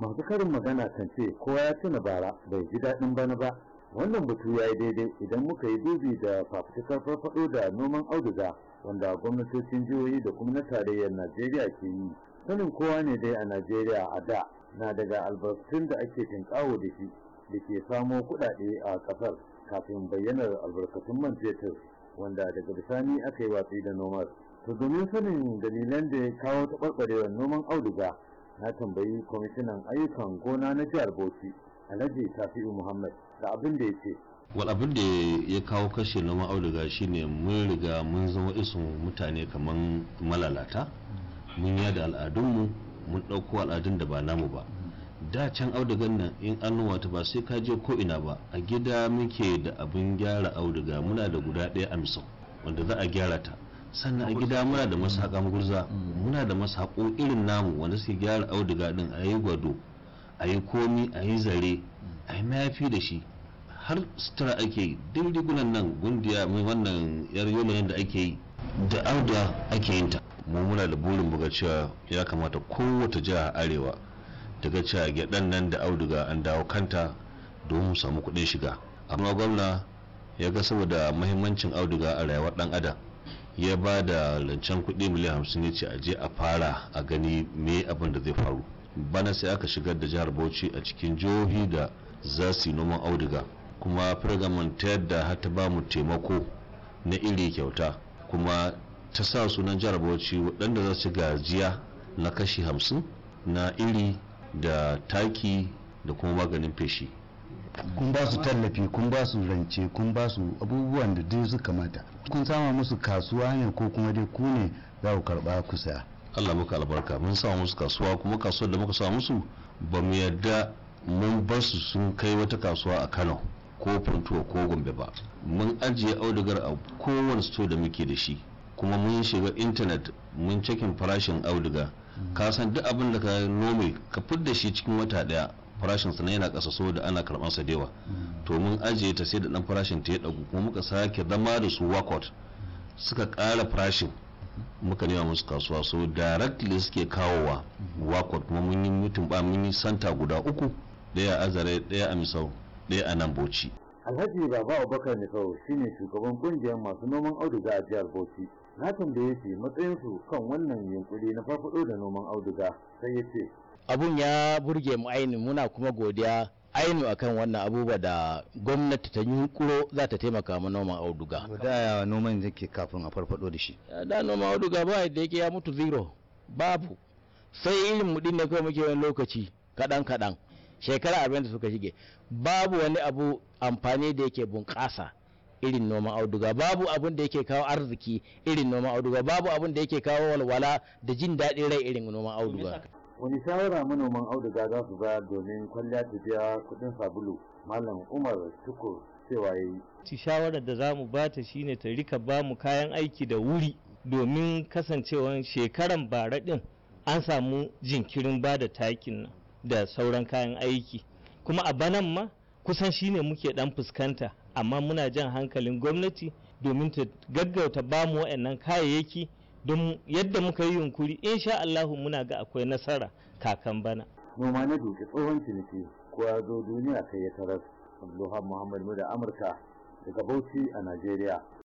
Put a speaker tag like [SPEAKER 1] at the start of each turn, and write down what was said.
[SPEAKER 1] masu karin magana kan ce kowa ya tuna bara bai ji daɗin bana ba wannan batu ya yi daidai idan muka yi dubi da fafutukar farfaɗo da noman auduga wanda gwamnatocin jihohi da kuma na tarayyar najeriya ke yi sanin kowa ne dai a najeriya a da na daga albarkatun da ake tinkawo da shi da ke samo kuɗaɗe a ƙasar kafin bayyanar albarkatun man fetur wanda daga bisani aka yi watsi da nomar to domin sanin dalilan da ya kawo taɓarɓarewar noman auduga na tambayi kwamishinan ayyukan gona na jihar bauchi alhaji tafi'u muhammad da abin da ya ce Wani
[SPEAKER 2] abin da ya kawo kashe noma auduga shine mun riga mun zama isun mutane kamar malalata mun yada al'adunmu mun ɗauko al'adun da ba namu ba da can audugan nan in an ta ba sai ka je ko ina ba a gida muke da abin gyara auduga muna da guda ɗaya amsa wanda za a gyara ta sannan a gida muna da mm. masaƙan gurza mm. muna da masako irin namu wanda suke gyara auduga din a yi gwado a yi komi a yi zare a yi mayafi da shi har sutura ake yi duk rigunan nan gundiya mai wannan yar yolayen da ake yi da auduga ake yin ta mu muna da burin buga cewa ya kamata kowace jiha arewa daga cewa gyaɗan nan da auduga an dawo kanta domin samu kuɗin shiga amma gwamna ya ga saboda mahimmancin auduga a rayuwar ɗan adam ya ba da lancen kuɗi miliyan hamsin ya ce a je a fara a gani me abin da zai faru bana sai aka shigar da jihar bauchi a cikin jihohi da za su yi noman auduga kuma firgaman ta yadda hata ba mu taimako na iri kyauta kuma ta sa sunan jihar bauchi waɗanda za su gajiya na kashi hamsin na iri da taki da kuma maganin feshi kun ba su tallafi kun ba su rance kun ba su abubuwan da dai su kamata
[SPEAKER 1] kun sama musu kasuwa ne ko kuma dai ku ne
[SPEAKER 2] za ku karba kusa Allah muka albarka mun sama musu kasuwa kuma kasuwar da muka sa musu ba mu yarda mun bar su sun kai wata kasuwa a Kano ko Funtuwa ko Gombe ba mun ajiye audugar a kowane store da muke da shi kuma mun shiga intanet mun cikin farashin auduga ka san duk abin da ka nome ka fidda shi cikin wata daya farashin sa yana ƙasa so da ana karɓar sa dewa mm. to mun ajiye ta sai da dan farashin ta ya dagu kuma muka sake zama da su wakot suka kara farashin muka nema musu kasuwa so directly suke kawowa wakot kuma mun yi mutum ba mun yi santa guda uku daya azare daya a misau daya a nan bauchi
[SPEAKER 1] alhaji baba abubakar misau shine shugaban kungiyar masu noman auduga a jihar bauchi na tambaye shi matsayinsu kan wannan yunkuri na farfado da noman auduga sai ya ce abun ya
[SPEAKER 3] burge mu aini muna kuma godiya ainu akan wannan abubuwa da gwamnati ta yi kuro za ta taimaka ma noman auduga da ya noman ke kafin a farfado da shi da noman auduga ba da yake ya mutu zero babu sai irin mu din ne muke wani lokaci kadan kadan shekara abin da suka shige babu wani abu amfani da yake bunƙasa irin noman auduga babu abin da yake kawo arziki irin noman auduga babu abin da yake kawo walwala da jin daɗin rai irin noman auduga
[SPEAKER 1] wani shawara manoman auduga za su ba domin kwalliya ta biya kudin sabulu malam umar tukur cewa ya yi
[SPEAKER 4] shawarar da za mu ba ta shine ta rika ba mu kayan aiki da wuri domin kasancewa shekaran bara din an samu jinkirin ba da takin da sauran kayan aiki kuma a banan ma kusan shine muke dan fuskanta amma muna jan hankalin gwamnati domin ta gaggauta ba mu waɗannan kayayyaki don yadda muka yi yunkuri insha Allah muna ga akwai nasara kakan bana
[SPEAKER 1] noma na doke tsohon ciniki ko ya zo duniya kai ya tarar Abdulhamid Muhammad da Amurka daga Bauchi a Najeriya